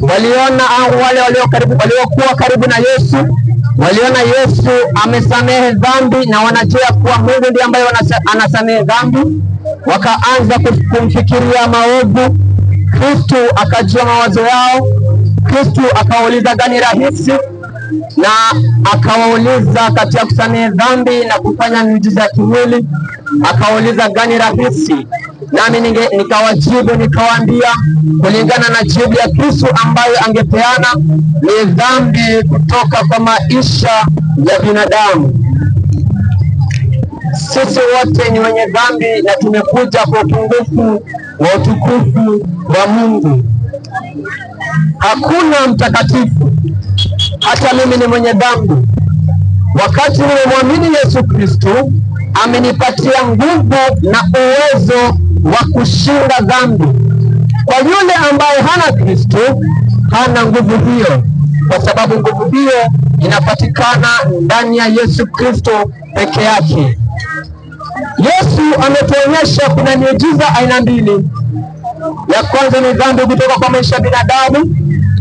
waliona au wale waliokuwa karibu na Yesu waliona Yesu amesamehe dhambi na wanajua kuwa Mungu ndiye ambaye anasamehe dhambi, wakaanza kumfikiria maovu. Kristu akajua mawazo yao. Kristu akawauliza gani rahisi, na akawauliza kati ya kusamehe dhambi na kufanya miujiza ya kimwili, akawauliza gani rahisi nami ninge nikawajibu nikawaambia, kulingana na jibu ya Kristo ambayo angepeana, ni dhambi kutoka kwa maisha ya binadamu. Sisi wote ni wenye dhambi na tumekuja kwa upungufu wa utukufu wa Mungu. Hakuna mtakatifu, hata mimi ni mwenye dhambi. Wakati nimemwamini Yesu Kristo, amenipatia nguvu na uwezo wa kushinda dhambi. Kwa yule ambaye hana Kristo hana nguvu hiyo, kwa sababu nguvu hiyo inapatikana ndani ya Yesu Kristo peke yake. Yesu ametuonyesha kuna miujiza aina mbili. Ya kwanza ni dhambi kutoka kwa maisha ya binadamu,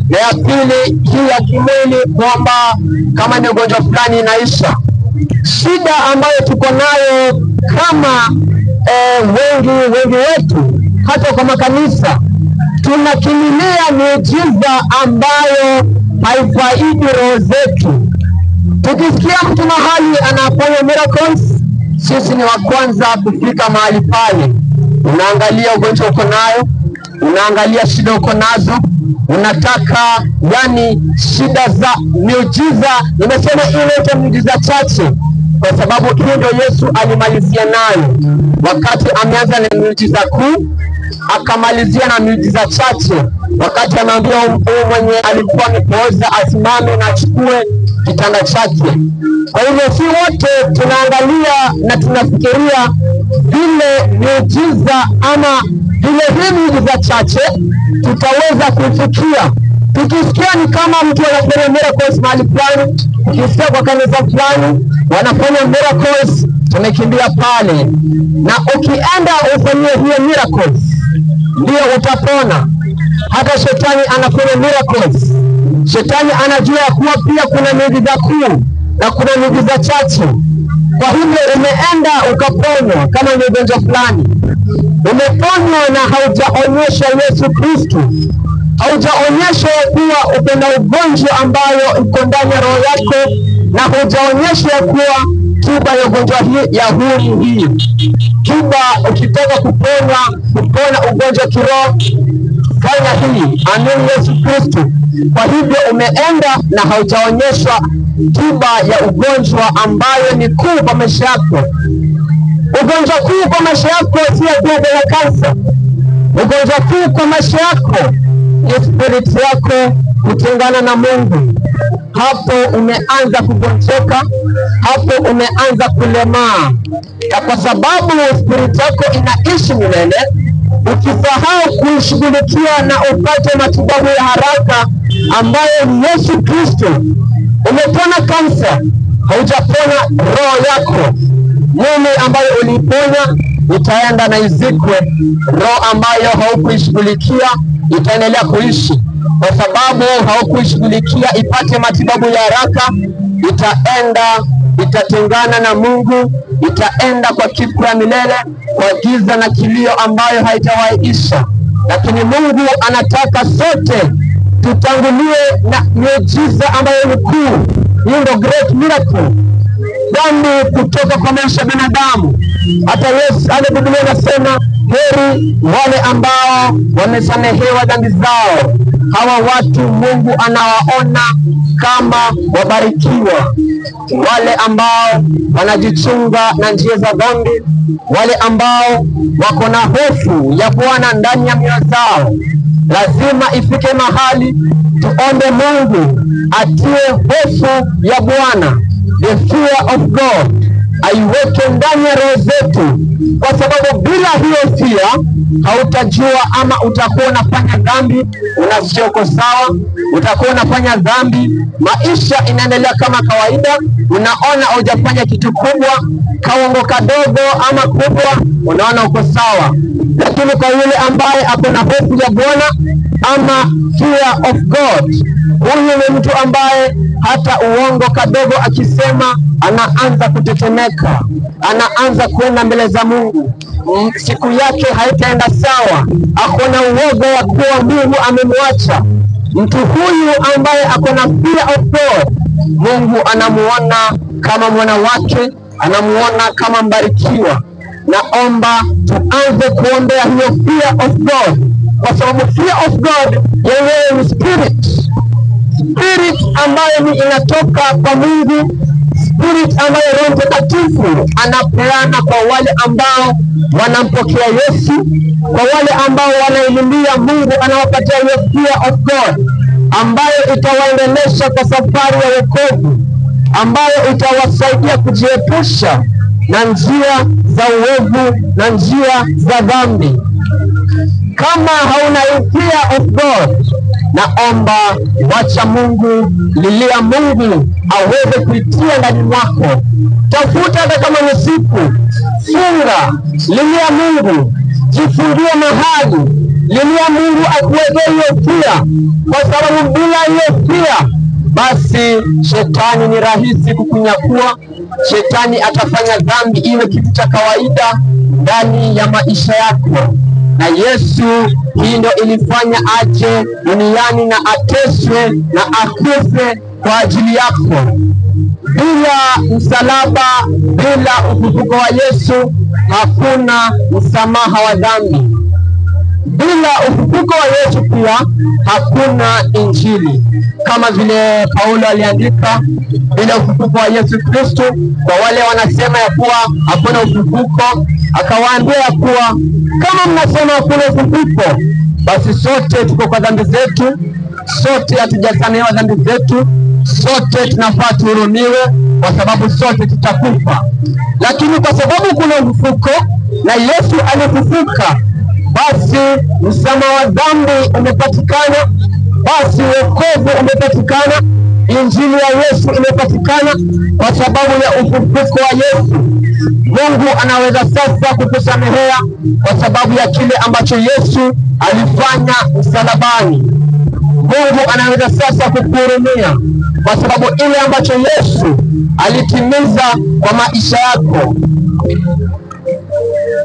na ya pili hii ya kimwili, kwamba kama ni ugonjwa fulani inaisha. Shida ambayo tuko nayo kama eh, wengi wengi wetu hata kwa makanisa tunakimilia miujiza ambayo haifaidi roho zetu. Tukisikia mtu mahali anafanya miracles, sisi ni wa kwanza kufika mahali pale. Unaangalia ugonjwa uko nayo, unaangalia shida uko nazo, unataka yani shida za miujiza. Nimesema ilete miujiza chache, kwa sababu hiyo ndio Yesu alimalizia nayo wakati ameanza na miujiza kuu akamalizia na miujiza chache, wakati anaambia huyu mwenye alikuwa amepooza asimame na achukue kitanda chake. Kwa hivyo, si wote tunaangalia na tunafikiria vile miujiza ama vile hii miujiza chache tutaweza kufikia Tukisikia ni kama mtu anafanya miracles mahali fulani, tukisikia kwa kanisa fulani wanafanya miracles tumekimbia pale, na ukienda ufanyie hiyo miracles, ndio utapona. Hata shetani anafanya miracles. Shetani anajua ya kuwa pia kuna miujiza kuu na kuna miujiza chache. Kwa hivyo umeenda ukaponywa, kama ni ugonjwa fulani umeponywa na haujaonyesha Yesu Kristo, haujaonyesha ya kuwa uko na ugonjwa ambayo iko ndani ya roho yako, na haujaonyesha ya kuwa tiba ya ugonjwa hii ya huri hii tiba, ukitaka kupona kupona ugonjwa kiroho fanya hii, amini Yesu Kristo. Kwa hivyo umeenda na haujaonyeshwa tiba ya ugonjwa ambayo ni kuu kwa maisha yako. Ugonjwa kuu kwa maisha yako sio dogo ya kansa. Ugonjwa kuu kwa maisha yako ni spiriti yako kutengana na Mungu. Hapo umeanza kugonjeka hapo umeanza kulemaa, na kwa sababu spirit yako inaishi milele, ukisahau kuishughulikia na upate matibabu ya haraka ambayo ni Yesu Kristo. Umepona kansa, haujapona roho yako. Mwili ambayo uliponya itaenda na izikwe, roho ambayo haukuishughulikia itaendelea kuishi kwa sababu haukuishughulikia ipate matibabu ya haraka itaenda itatengana na Mungu, itaenda kwa ya milele, kwa giza na kilio ambayo haitawahi isha. Lakini Mungu anataka sote tutanguliwe na miujiza ambayo ni kuu, hiyo ndio great miracle, damu kutoka kwa maisha ya binadamu. Hata Yesu ale, Biblia inasema heri wale ambao wamesamehewa dhambi zao. Hawa watu Mungu anawaona kama wabarikiwa wale ambao wanajichunga na njia za dhambi, wale ambao wako na hofu ya Bwana ndani ya mioyo zao. Lazima ifike mahali tuombe Mungu atie hofu ya Bwana, the fear of God aiweke ndani ya roho zetu, kwa sababu bila hiyo hisia hautajua ama utakuwa unafanya dhambi unasioko sawa, utakuwa unafanya dhambi, maisha inaendelea kama kawaida, unaona haujafanya kitu kubwa, kaongo kadogo ama kubwa, unaona uko sawa. Lakini kwa yule ambaye ako na hofu ya Bwana ama fear of God, huyu ni mtu ambaye hata uongo kadogo, akisema anaanza kutetemeka, anaanza kuenda mbele za Mungu, siku yake haitaenda sawa. Akona uoga wa kuwa Mungu amemwacha mtu huyu ambaye akona fear of God. Mungu anamuona kama mwana wake, anamuona kama mbarikiwa. Naomba tuanze kuombea hiyo fear of God, kwa sababu fear of God yenyewe ambayo ni inatoka kwa Mungu, spirit ambayo Roho Mtakatifu anapeana kwa wale ambao wanampokea Yesu, kwa wale ambao wanailimbia Mungu, anawapatia hiyo fear of God ambayo itawaendelesha kwa safari ya wokovu, ambayo itawasaidia kujiepusha na njia za uovu na njia za dhambi. Kama hauna fear of God Naomba wacha Mungu, lilia Mungu aweze kuitia ndani mwako. Tafuta hata kama ni siku, funga, lilia Mungu, jifungie mahali, lilia Mungu akuwekee hiyo pia, kwa sababu bila hiyo pia basi shetani ni rahisi kukunyakua. Shetani atafanya dhambi iwe kitu cha kawaida ndani ya maisha yako na Yesu. Hii ndio ilifanya aje duniani na ateswe na akufe kwa ajili yako. Bila msalaba, bila ufufuko wa Yesu hakuna msamaha wa dhambi. Bila ufufuko wa Yesu pia hakuna Injili, kama vile Paulo aliandika, bila ufufuko wa Yesu Kristo. Kwa wale wanasema ya kuwa hakuna ufufuko akawaambia ya kuwa kama mnasema kule kufuko, basi sote tuko kwa dhambi zetu, sote hatujasamehewa dhambi zetu, sote tunafaa tuhurumiwe, kwa sababu sote tutakufa. Lakini kwa sababu kuna ufufuko na Yesu alifufuka, basi msamaha wa dhambi umepatikana, basi wokovu umepatikana, injili ya Yesu imepatikana kwa sababu ya ufufuko wa Yesu. Mungu anaweza sasa kukusamehea kwa sababu ya kile ambacho Yesu alifanya msalabani. Mungu anaweza sasa kukuhurumia kwa sababu ile ambacho Yesu alitimiza kwa maisha yako.